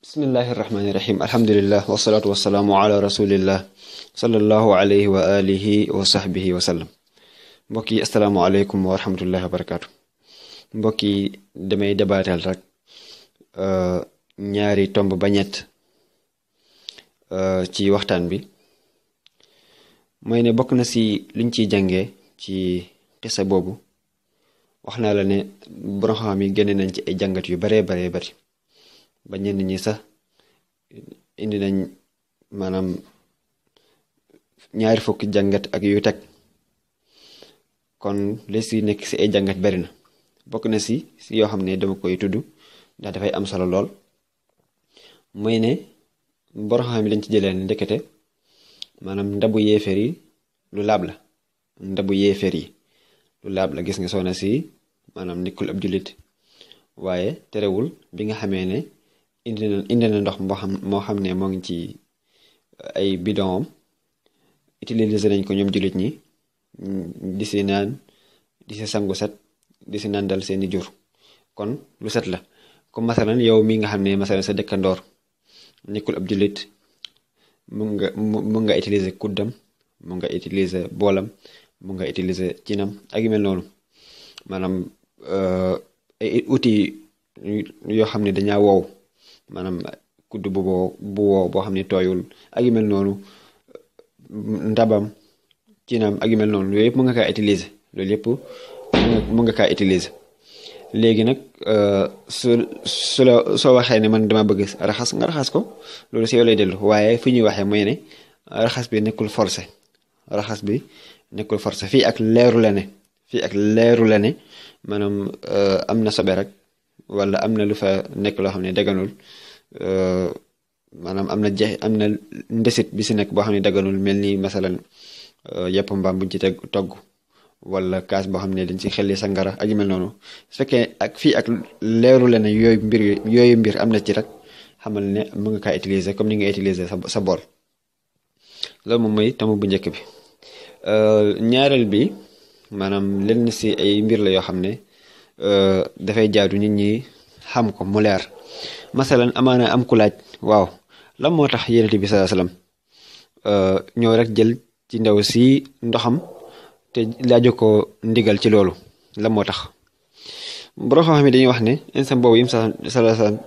bismillahi irrahmani irahim alhamdulillah wasalaatu wasalaamu ala rasulillah sallallahu alayhi wa alihi wa sahbihi wa sallam mbokk yi asalaamaaleykum wa rahmatullahi wa barakaatu yi damay dabaatal rek uh, ñaari tomb bañet uh, ci waxtaan bi mooy ne bokk na si liñ ciy jàngee ci xisa boobu wax naa la ne borom xam yi génne nañ ci ay jàngat yu baree baree bari ba ñenn ñi sax indi nañ maanaam ñaari fukki jàngat ak yu teg kon les yi nekk si ay jàngat bari na bokk na si si yoo xam ne dama koy tudd ndax dafay am solo lool mooy ne borom xam yi dañ ci jëlee ne ndekete maanaam ndabu yeefeer yi lu laab la ndabu yeefeer yi lu laab la gis nga soxna si maanaam nekkul ab jullit waaye terewul bi nga xamee ne indi indi na ndox moo xam moo xam ne moo ngi ci uh, ay bidon utilisé nañ ko ñoom jullit ñi mm, di si di si sangu set di si naan dal seeni jur kon lu set la comme masalan yow mi nga xam ne masalan sa dëkkandoor nekkul ab jullit mun nga mun nga utiliser kuddam mun nga utiliser boolam mun nga utiliser cinam ak yu mel noonu maanaam uh, ay outils yoo xam ne dañaa wow maanaam kudd bu boo bu woo boo xam ne tooyul ak yu noonu ndabam ciinam ak yu mel noonu yooyu yëpp mën nga kaa utiliser loolu yëpp mën nga kaa utiliser léegi nag euh, su su la soo waxee ne man dama bëgg raxas nga raxas ko loolu si yow lay dellu waaye fi ñuy waxee mooy ne raxas bi nekkul forcé raxas bi nekkul force fii ak leeru la ne fii ak leeru la ne maanaam euh, am na sobe rek wala am na lu fa nekk loo xam ne daganul euh, maanaam am na jeex am na ndesit bi si nekk boo xam ne daganul mel ni masalan euh, yàpp mbaam buñ ci teg togg wala kaas boo xam ne dañ si xelli sangara ak yu mel noonu su fekkee ak leeru la ne yooyu mbir yooyu mbir am na ci rek xamal ne mu nga kaa utiliser comme ni nga utiliser sa sa bool loolu moom mooy bu njëkk bi euh, ñaareel bi maanaam lenn si ay mbir la yoo xam ne Euh, dafay jaadu nit ñi xam ko mu leer masalan amaana am ku laaj waaw lan moo tax yonent bi sallallahu alayhi wasallam euh, jël ci ndaw si ndoxam te laaju ko ndigal ci loolu lan moo tax borom xam-xam dañuy wax ne instant boobu yim sallallahu alayhi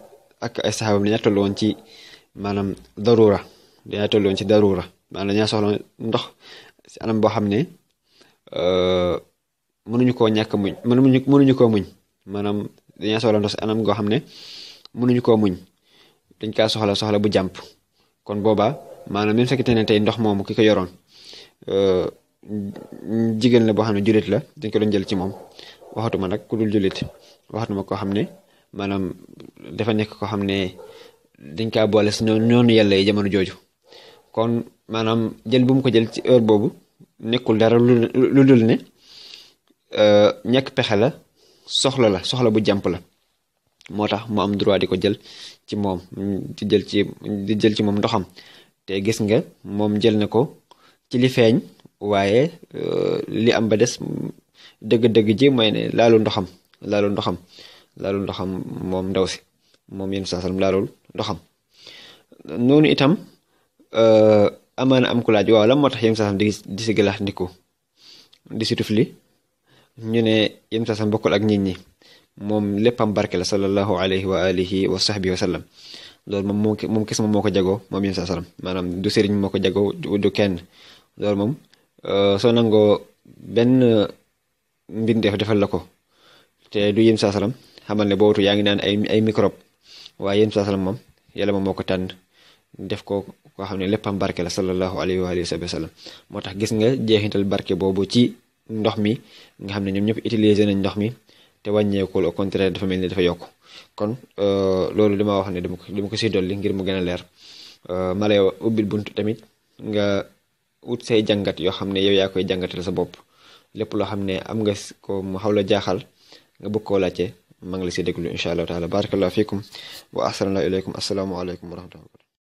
ak ay saxaabam dañaa toll ci maanaam darura dañaa toll woon ci darura maanaam dañaa soxla ndox si anam boo xam ne euh, mënuñu koo ñàkk muñ mënuñu mënuñu koo muñ maanaam dañaa soxla ndox si anam goo xam ne mënuñu koo muñ dañ kaa soxla soxla bu jàmp kon boobaa maanaam même fekkente ne tey ndox moomu ki ko yoroon euh, jigéen la boo xam ne jullit la dañ ko doon jël ci moom waxatuma nag ku dul jullit waxatuma koo xam ne maanaam dafa nekk koo xam ne dañ kaa boole si noonu noonu yàlla yi jamono jooju kon maanaam jël bu ko jël ci heure boobu nekkul dara lu dul ne Euh, ñàkk pexe la soxla la soxla bu jàmp la moo tax mu am droit di ko jël ci moom di jël ci di jël ci moom ndoxam te gis nga moom jël na ko ci li feeñ waaye euh, li am ba des dëgg-dëgg ji mooy ne laalu ndoxam laalu ndoxam laalu ndoxam moom ndaw si moom yéen saa sallam laalul ndoxam noonu itam euh, amaana am ku laaj waaw lan moo tax yéen saa di si gëlaat ndiku di si tufli ñu ne yonent sasam bokkul ak nit ñi moom léppam barke la sallallahu alayhi wa alihi wa sahbihi wa sallam loolu moom moom moom kese moom moo ko jagoo moom yonent sasam maanaam du sëriñ moo ko jagoo du kenn loolu moom euh, soo nangoo benn mbindeef defal la ko te du yonent sasam xamal ne boobu yaa ngi naan ay ay microbe waaye yonent sasam moom yàlla moom moo ko def ko koo xam ne léppam barke la sallallahu alayhi wa alihi wa moo tax gis nga jeexintal barke boobu ci. ndox mi nga xam ne ñoom ñëpp utiliser nañ ndox mi te wàññeekul au contraire dafa mel ni dafa yokk kon euh, loolu dama wax ne dama ko dama ko si ngir mu gën a leer euh, ma lay ubbil bunt tamit nga ut say jangat yoo xam ne yow yaa koy jàngatal sa bopp lépp loo xam ne am nga ko mu xaw la jaaxal nga bëgg koo laajte maa ngi la si incha allahu taala barakallahu fiikum wa ahsanallahu ilaykum assalaamu aleykum wa rahmatullah